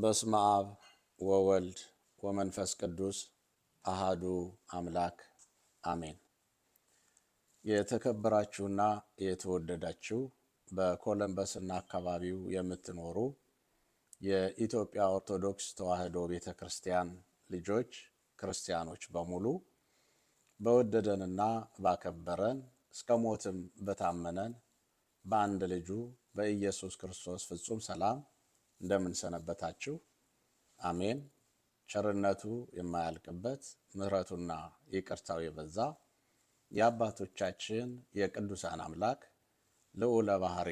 በስመ አብ ወወልድ ወመንፈስ ቅዱስ አሃዱ አምላክ አሜን። የተከበራችሁና የተወደዳችሁ በኮለምበስና አካባቢው የምትኖሩ የኢትዮጵያ ኦርቶዶክስ ተዋሕዶ ቤተ ክርስቲያን ልጆች ክርስቲያኖች በሙሉ በወደደንና ባከበረን እስከ ሞትም በታመነን በአንድ ልጁ በኢየሱስ ክርስቶስ ፍጹም ሰላም እንደምንሰነበታችሁ። አሜን። ቸርነቱ የማያልቅበት ምሕረቱና ይቅርታው የበዛ የአባቶቻችን የቅዱሳን አምላክ ልዑለ ባህሪ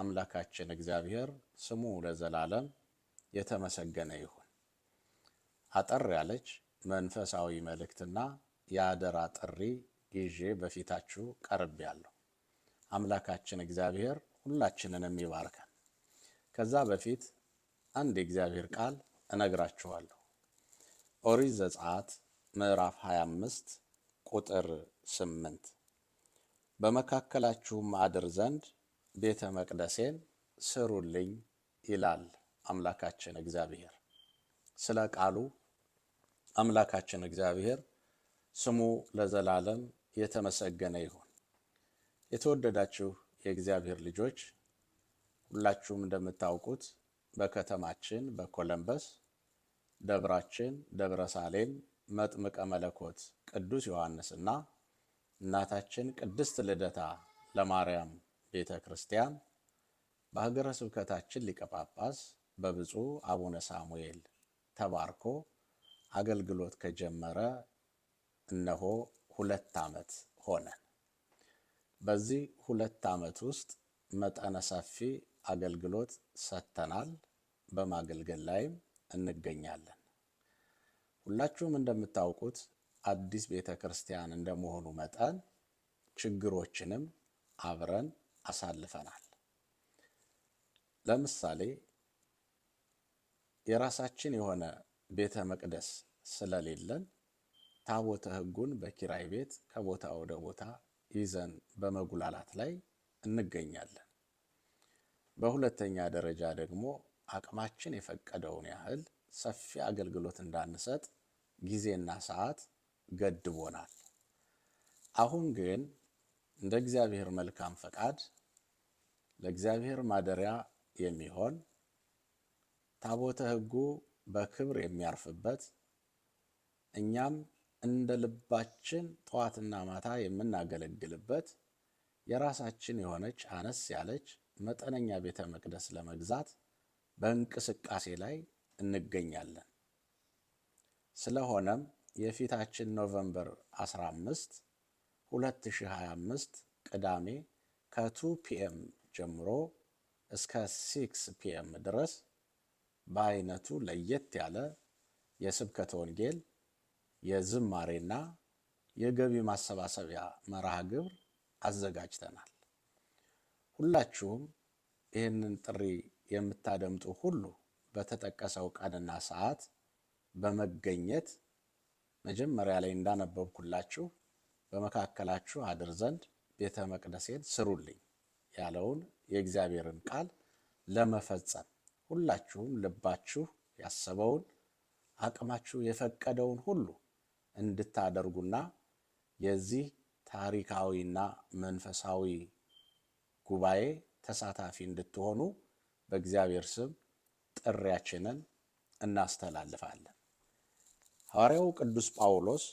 አምላካችን እግዚአብሔር ስሙ ለዘላለም የተመሰገነ ይሁን። አጠር ያለች መንፈሳዊ መልእክትና የአደራ ጥሪ ይዤ በፊታችሁ ቀርብ ያለሁ። አምላካችን እግዚአብሔር ሁላችንንም ይባርከን ከዛ በፊት አንድ የእግዚአብሔር ቃል እነግራችኋለሁ። ኦሪት ዘጸአት ምዕራፍ 25 ቁጥር 8 በመካከላችሁም አድር ዘንድ ቤተ መቅደሴን ስሩልኝ ይላል አምላካችን እግዚአብሔር። ስለ ቃሉ አምላካችን እግዚአብሔር ስሙ ለዘላለም የተመሰገነ ይሁን። የተወደዳችሁ የእግዚአብሔር ልጆች ሁላችሁም እንደምታውቁት በከተማችን በኮለምበስ ደብራችን ደብረ ሳሌም መጥምቀ መለኮት ቅዱስ ዮሐንስና እናታችን ቅድስት ልደታ ለማርያም ቤተ ክርስቲያን በሀገረ ስብከታችን ሊቀ ጳጳስ በብፁዕ አቡነ ሳሙኤል ተባርኮ አገልግሎት ከጀመረ እነሆ ሁለት ዓመት ሆነን። በዚህ ሁለት ዓመት ውስጥ መጠነ ሰፊ አገልግሎት ሰጥተናል፣ በማገልገል ላይም እንገኛለን። ሁላችሁም እንደምታውቁት አዲስ ቤተ ክርስቲያን እንደመሆኑ መጠን ችግሮችንም አብረን አሳልፈናል። ለምሳሌ የራሳችን የሆነ ቤተ መቅደስ ስለሌለን ታቦተ ሕጉን በኪራይ ቤት ከቦታ ወደ ቦታ ይዘን በመጉላላት ላይ እንገኛለን። በሁለተኛ ደረጃ ደግሞ አቅማችን የፈቀደውን ያህል ሰፊ አገልግሎት እንዳንሰጥ ጊዜና ሰዓት ገድቦናል። አሁን ግን እንደ እግዚአብሔር መልካም ፈቃድ ለእግዚአብሔር ማደሪያ የሚሆን ታቦተ ሕጉ በክብር የሚያርፍበት እኛም እንደ ልባችን ጠዋትና ማታ የምናገለግልበት የራሳችን የሆነች አነስ ያለች መጠነኛ ቤተ መቅደስ ለመግዛት በእንቅስቃሴ ላይ እንገኛለን። ስለሆነም የፊታችን ኖቨምበር 15 2025 ቅዳሜ ከቱ ፒኤም ጀምሮ እስከ 6 ፒኤም ድረስ በአይነቱ ለየት ያለ የስብከተ ወንጌል የዝማሬና የገቢ ማሰባሰቢያ መርሃ ግብር አዘጋጅተናል። ሁላችሁም ይህንን ጥሪ የምታደምጡ ሁሉ በተጠቀሰው ቀንና ሰዓት በመገኘት መጀመሪያ ላይ እንዳነበብኩላችሁ በመካከላችሁ አድር ዘንድ ቤተ መቅደሴን ስሩልኝ ያለውን የእግዚአብሔርን ቃል ለመፈጸም ሁላችሁም ልባችሁ ያሰበውን አቅማችሁ የፈቀደውን ሁሉ እንድታደርጉና የዚህ ታሪካዊና መንፈሳዊ ጉባኤ ተሳታፊ እንድትሆኑ በእግዚአብሔር ስም ጥሪያችንን እናስተላልፋለን። ሐዋርያው ቅዱስ ጳውሎስ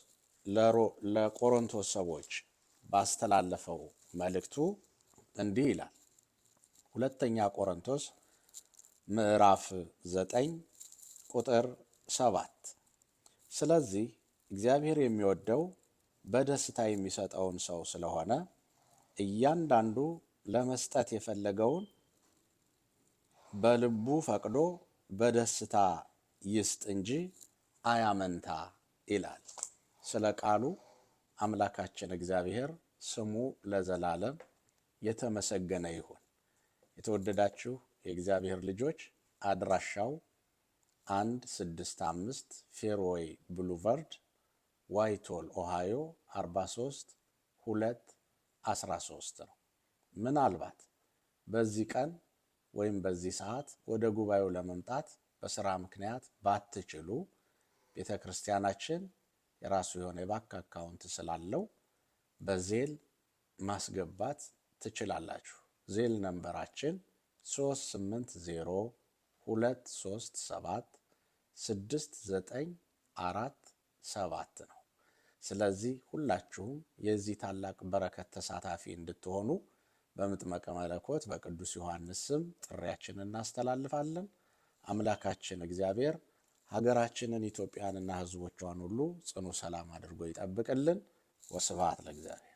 ለቆሮንቶስ ሰዎች ባስተላለፈው መልእክቱ እንዲህ ይላል። ሁለተኛ ቆሮንቶስ ምዕራፍ 9 ቁጥር 7 ስለዚህ እግዚአብሔር የሚወደው በደስታ የሚሰጠውን ሰው ስለሆነ እያንዳንዱ ለመስጠት የፈለገውን በልቡ ፈቅዶ በደስታ ይስጥ እንጂ አያመንታ ይላል። ስለ ቃሉ አምላካችን እግዚአብሔር ስሙ ለዘላለም የተመሰገነ ይሁን። የተወደዳችሁ የእግዚአብሔር ልጆች አድራሻው 165 ፌርዌይ ቡሉቨርድ ዋይቶል ኦሃዮ 43 213 ነው። ምናልባት በዚህ ቀን ወይም በዚህ ሰዓት ወደ ጉባኤው ለመምጣት በስራ ምክንያት ባትችሉ ቤተ ክርስቲያናችን የራሱ የሆነ የባንክ አካውንት ስላለው በዜል ማስገባት ትችላላችሁ። ዜል ነንበራችን 380237 6947 ነው። ስለዚህ ሁላችሁም የዚህ ታላቅ በረከት ተሳታፊ እንድትሆኑ በምጥመቀ መለኮት በቅዱስ ዮሐንስ ስም ጥሪያችንን እናስተላልፋለን። አምላካችን እግዚአብሔር ሀገራችንን ኢትዮጵያንና ሕዝቦቿን ሁሉ ጽኑ ሰላም አድርጎ ይጠብቅልን። ወስብሐት ለእግዚአብሔር።